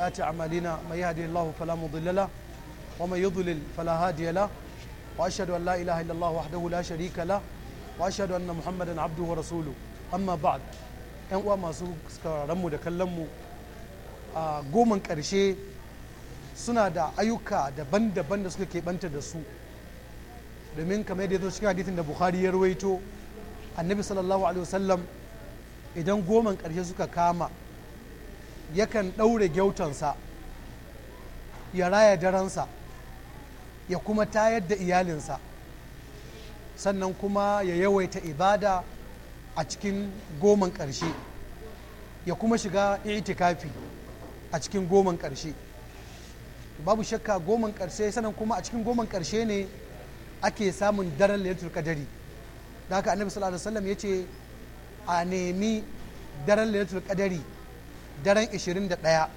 سيئات أعمالنا من يهده الله فلا مضل له ومن يضلل فلا هادي له وأشهد أن لا إله إلا الله وحده لا شريك له وأشهد أن محمدا عبده ورسوله أما بعد ‘yan uwa masu mu da kallonmu mu. goman karshe suna da ayyuka daban-daban da suka keɓanta da su domin kamar yadda ya zo cikin hadithin da bukhari ya rawaito annabi sallallahu alaihi wasallam idan goman ƙarshe suka kama yakan ɗaure gyautansa ya raya daransa ya kuma tayar da iyalinsa sannan kuma ya yawaita ibada a cikin goman ƙarshe ya kuma shiga itikafi a cikin goman ƙarshe babu shakka goman ƙarshe sannan kuma a cikin goman ƙarshe ne ake samun daren lailatul kadari da haka annabi sallallahu alaihi wasallam ya ce a nemi daren lailatul kadari daren 21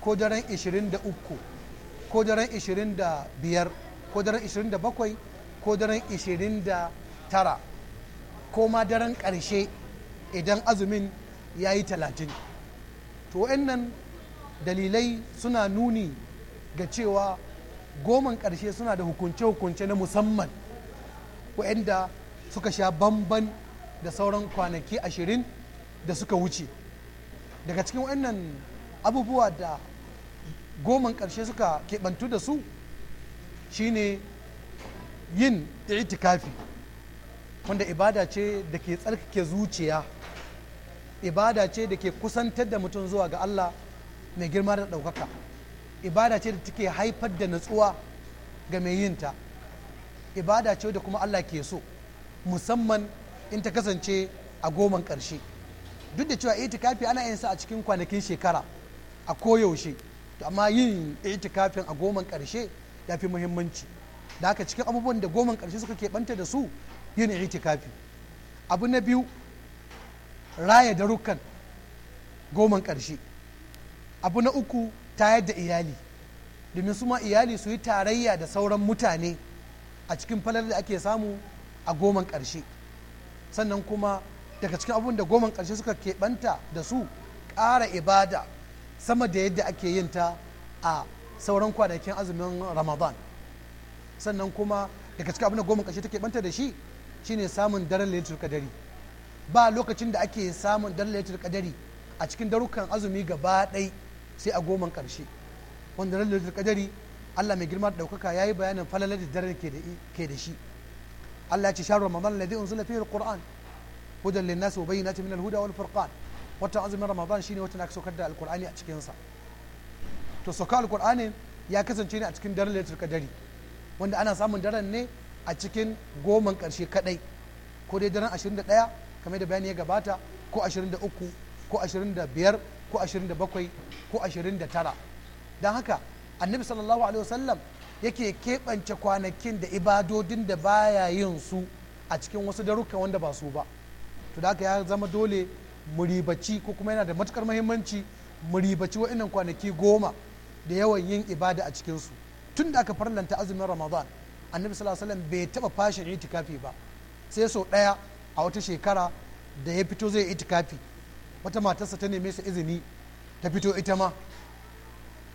ko daren 23 ko daren 25 ko daren 27 ko daren 29 ko ma daren ƙarshe idan azumin ya yi 30 to nan dalilai suna nuni ga cewa goman ƙarshe suna da hukunce-hukunce na musamman waɗanda suka sha bamban da sauran kwanaki ashirin da suka wuce daga cikin wannan abubuwa da goman ƙarshe suka keɓantu da su shine yin itikafi wanda ibada ce da ke tsarkake zuciya ibada ce da ke kusantar da mutum zuwa ga Allah mai girma da ɗaukaka ibada ce da take haifar da natsuwa ga mai yinta ibada ce da kuma Allah ke so musamman in ta kasance a goman ƙarshe duk da cewa itikafi ana yin sa a cikin kwanakin shekara a koyaushe to amma yin itikafin a goman karshe ya fi muhimmanci da haka cikin abubuwan da goman karshe suka keɓanta da su yin itikafi abu na biyu raya darukan goman karshe abu na uku tayar da iyali domin su ma iyali su yi tarayya da sauran mutane a cikin falar da ake samu a goman ƙarshe sannan kuma daga cikin abubuwan da goma ƙarshe suka keɓanta da su ƙara ibada sama da yadda ake yin ta a sauran kwanakin azumin ramadan sannan kuma daga cikin abin da goma ƙarshe ta banta da shi shine samun daren lailatul kadari ba lokacin da ake samun daren lailatul kadari a cikin darukan azumi gaba ɗai sai a goman karshe wanda daren lailatul kadari Allah mai girma da ɗaukaka ya yi bayanin falalar da daren ke da shi Allah ya ce sharu ramadan ladhi unzila lafiyar alquran هدى للناس وبينات من الهدى والفرقان watan azumin ramadan shine wata na saukar da alkur'ani a cikinsa to sauka alkur'ani ya kasance ne a cikin daren lailatul qadari wanda ana samun daren ne a cikin goman karshe kaɗai. ko dai daren ɗaya kamar da bayani ya gabata ko 23 ko 25 ko 27 ko tara. Dan haka annabi sallallahu yake keɓance kwanakin da ibadodin da baya yin su a cikin wasu daruka wanda ba su ba to da aka ya zama dole mu ribaci ko kuma yana da matukar muhimmanci mu ribaci wa'annan kwanaki goma da yawan yin ibada a cikinsu tun da aka farlanta azumin ramadan annabi sallallahu alaihi wasallam bai taba fashin itikafi ba sai sau daya a wata shekara da ya fito zai itikafi wata matarsa ta neme sa izini ta fito ita ma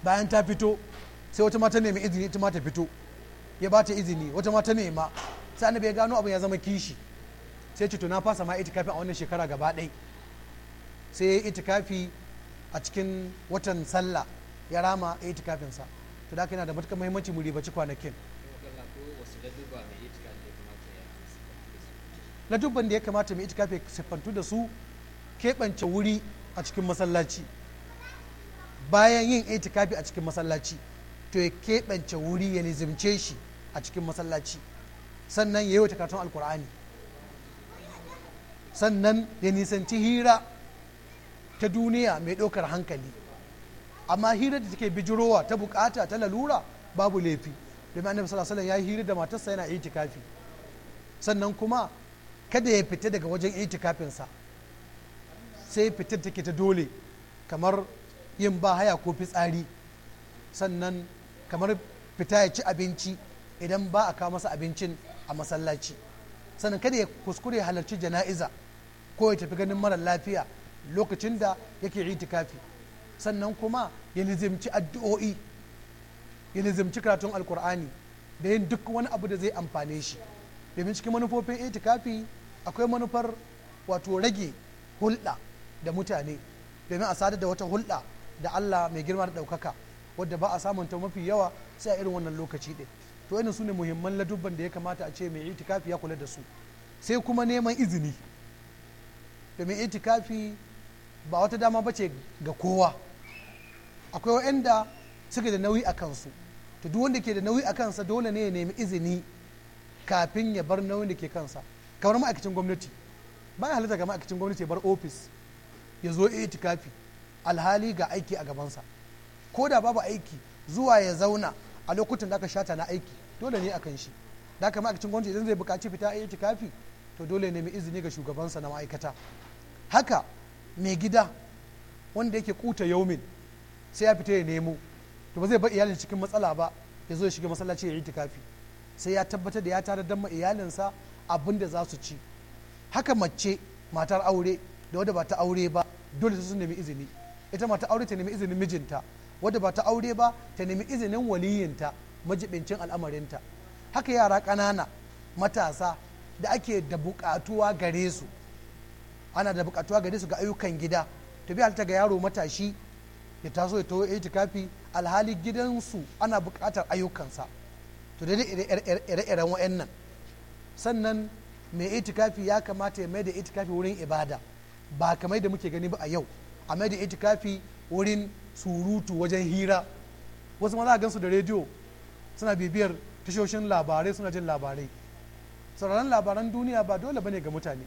bayan ta fito sai wata ma ta nemi izini ita ma ta fito ya ba ta izini wata ma ta nema sai annabi ya gano abin ya zama kishi sai ce to na fasa ma itikafi a wannan shekara gaba ɗai sai ya yi itikafi a cikin watan sallah ya rama ya itikafinsa to da yana da matuƙar muhimmanci mu ribaci kwanakin dubban da ya kamata mai itikafi ya siffantu da su keɓance wuri a cikin masallaci bayan yin itikafi a cikin masallaci to ya keɓance wuri ya nizimce shi a cikin masallaci sannan ya yi wata karatun alkur'ani sannan ya nisanci hira ta duniya mai ɗaukar hankali amma hira da take bijirowa ta bukata ta lalura babu laifi domin annabi sallallahu alaihi ya hira da matarsa yana itikafi sannan kuma kada ya fita daga wajen itikafin sa sai fitar take ta dole kamar yin bahaya ko fitsari sannan kamar fita ya ci abinci idan ba a kawo masa abincin a masallaci sannan kada ya kuskure halarci jana'iza ko ya tafi ganin mara lafiya lokacin da yake itikafi sannan kuma ya nizimci addu'o'i ya nizimci karatun alkur'ani da yin duk wani abu da zai amfane shi domin cikin manufofin itikafi akwai manufar wato rage hulɗa da mutane domin a sadar da wata hulɗa da Allah mai girma da ɗaukaka wadda ba a samun ta mafi yawa sai a irin wannan lokaci ɗin to irin su ne muhimman ladubban da ya kamata a ce mai itikafi ya kula da su sai kuma neman izini domin itikafi ba wata dama bace ga kowa akwai waɗanda suke da nauyi a kansu to duk wanda ke da nauyi a kansa dole ne ya nemi izini kafin ya bar nauyin da ke kansa kamar ma'aikacin gwamnati ba ya halitta ga ma'aikacin gwamnati ya bar ofis ya zo itikafi alhali ga aiki a gabansa ko da babu aiki zuwa ya zauna a lokutan da aka shata na aiki dole ne akan shi da aka ma'aikacin gwamnati idan zai bukaci fita a itikafi to dole ya nemi izini ga shugabansa na ma'aikata haka mai gida wanda yake kuta yaumin sai ya fita ya nemo to ba zai bar iyalin cikin matsala ba ya zo ya shiga masallaci ya yi tikafi sai ya tabbatar da ya tada da iyalinsa abin da za su ci haka mace matar aure da wadda ba ta aure ba dole su nemi izini ita mata aure ta nemi izinin mijinta wadda ba ta aure ba ta nemi izinin waliyinta majibincin al'amarinta haka yara ƙanana matasa da ake da buƙatuwa gare su ana da bukatuwa gare su ga ayyukan gida to bi ta ga yaro matashi ya taso ya taho itikafi alhali gidansu ana bukatar ayyukansa to da ire-iren wa'annan sannan mai itikafi ya kamata ya mai da itikafi wurin ibada ba kamar da muke gani ba a yau a mai da itikafi wurin surutu wajen hira wasu ma za a gansu da rediyo suna bibiyar tashoshin labarai suna jin labarai sauraron labaran duniya ba dole bane ga mutane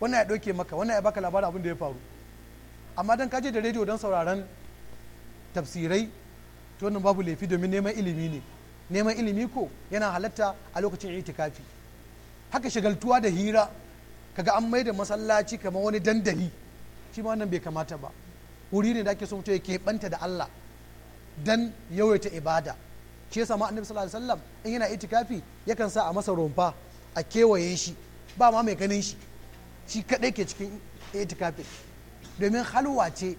wannan ya ɗauke maka wannan ya baka labarin abin da ya faru amma dan kaje da rediyo don sauraron tafsirai to wannan babu laifi domin neman ilimi ne neman ilimi ko yana halatta a lokacin itikafi haka shagaltuwa da hira kaga an mai da masallaci kamar wani dandali shi ma wannan bai kamata ba wuri ne da ake so mutum ya keɓanta da Allah dan yawaita ibada shi yasa ma annabi sallallahu alaihi wasallam in yana itikafi yakan sa a masa rumfa a kewaye shi ba ma mai ganin shi shi kadai ke cikin itikafi domin halwa ce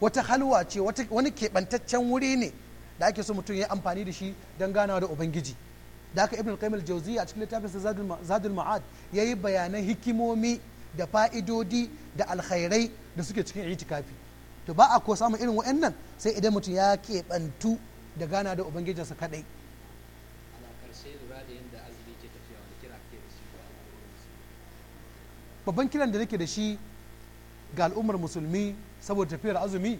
wata halwa ce wani keɓantaccen wuri ne da ake so mutum ya amfani da shi don ganawa da ubangiji da aka ibn qayyim al-jawziyya a cikin littafinsa zadul ma'ad yayi bayanan hikimomi da fa'idodi da alkhairai da suke cikin itikafi to ba a ko samun irin wa'annan sai idan mutum ya keɓantu da gana da ubangijinsa kaɗai babban kiran da nake da shi ga al'ummar musulmi saboda tafiyar azumi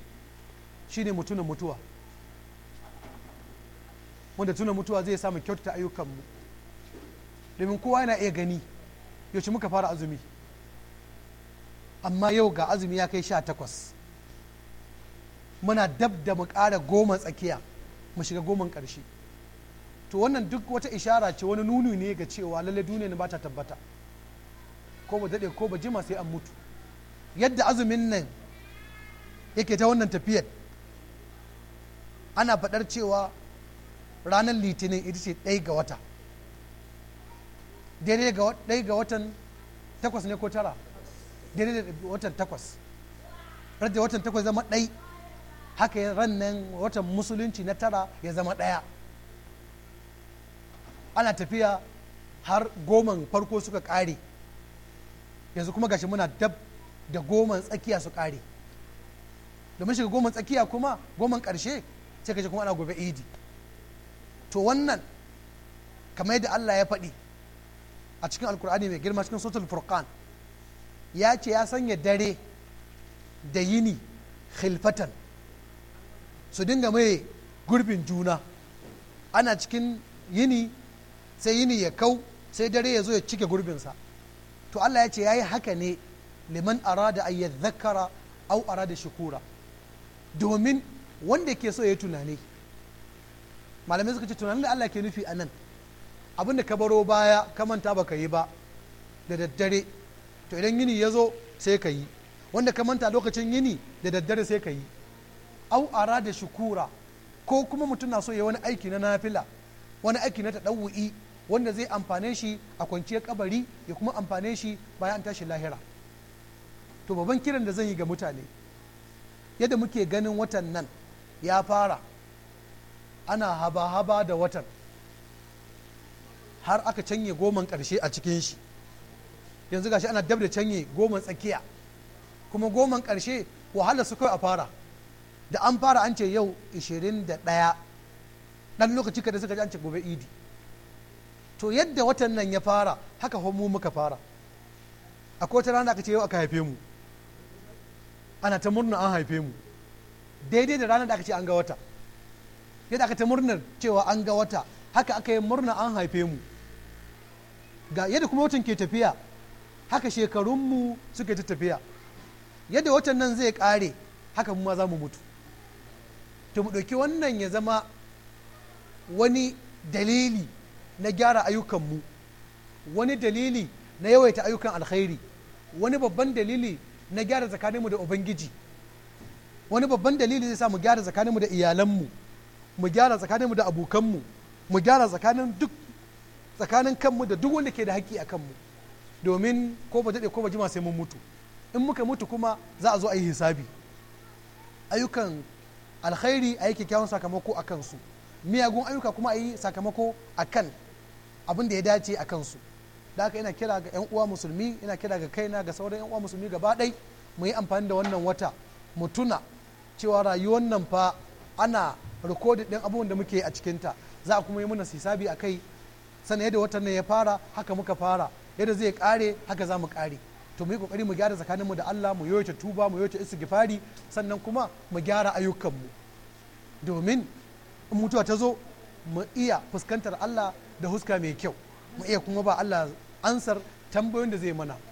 shine mu tuna mutuwa wanda tuna mutuwa zai samu kyautata ayyukanmu domin kowa yana iya gani yaushe muka fara azumi amma yau ga azumi ya kai sha takwas muna dab da mu ƙara goma tsakiya mu shiga goman ƙarshe to wannan duk wata ishara ce wani nuni ne ga cewa lalle duniya ba ta tabbata ko ba daɗe ko ba jima sai an mutu yadda azumin nan yake ta wannan tafiyar ana faɗar cewa ranar litinin ita ce ɗai ga wata daidai ga ga watan takwas ne ko tara daidai da watan takwas rada watan takwas zama ɗai haka yin ran nan watan musulunci na tara ya zama ɗaya ana tafiya har goman farko suka ƙare yanzu kuma gashi muna dab da goman tsakiya su kare domin shiga goman tsakiya kuma goman karshe sai kaje kuma ana gobe idi to wannan kamar yadda Allah ya faɗi a cikin alkur'ani mai girma cikin sotul furqan ya ce ya sanya dare da yini khilfatan su dinga mai gurbin juna ana cikin yini sai yini ya kau sai dare ya zo ya cike gurbinsa to Allah ya ce ya yi haka ne liman arada ay yadhakkara ara da shukura domin wanda ke so ya yi tunani malamai suka ce tunani da Allah ke nufi a nan abin da ka baro baya ka manta ba ka yi ba da daddare to idan yini ya zo sai ka yi wanda ka manta lokacin yini da daddare sai ka yi au ara da shukura ko kuma mutum na so ya wani aiki na nafila wani aiki na taɗawu'i wanda zai amfane shi a kwanciyar kabari ya kuma amfane shi bayan an tashi lahira to babban kiran da zan yi ga mutane yadda muke ganin watan nan ya fara ana haba-haba da watan har aka canye goman ƙarshe a cikin shi yanzu gashi ana dab da canye goman tsakiya kuma goman karshe wahala su kawai a fara da an fara an ce yau 21 ɗan lokaci kada suka ji an ce gobe idi to yadda watan nan ya fara haka mu muka fara a wata rana aka ce yau aka haife mu ana ta murna an haife mu daidai da ranar da aka ce an ga wata yadda aka ta murnar cewa an ga wata haka aka yi murna an haife mu ga yadda kuma watan ke tafiya haka shekarunmu suke ta tafiya yadda watan nan zai kare haka mu ma za mu mutu to mu ɗauki wannan ya zama wani dalili na gyara ayyukanmu wani dalili na yawaita ayyukan alkhairi wani babban dalili na gyara tsakaninmu da ubangiji wani babban dalili zai sa mu gyara tsakaninmu da iyalanmu mu gyara tsakaninmu da abokanmu mu gyara tsakanin duk tsakanin kanmu da duk wanda ke da haƙƙi a kanmu domin ko ba daɗe ko ba jima sai mun mutu in muka mutu kuma za a zo a yi hisabi ayyukan alkhairi a yi kyakkyawan sakamako a kansu miyagun ayyuka kuma a yi sakamako a kan abin da ya dace a kansu da haka ina kira ga 'yan uwa musulmi ina kira ga kaina ga sauran 'yan uwa musulmi gaba ɗai mu yi amfani da wannan wata mu tuna cewa rayuwar nan fa ana rikodin ɗin abubuwan da muke a cikin ta. za a kuma yi muna sisabi a kai sannan yadda watan nan ya fara haka muka fara yadda zai kare haka za mu kare to mu yi kokari mu gyara tsakaninmu da Allah mu yoyota tuba mu yoyota istighfari sannan kuma mu gyara ayyukan mu. domin mutuwa ta zo mu iya fuskantar Allah da huska mai kyau mu iya kuma ba Allah ansar tambayoyin da zai mana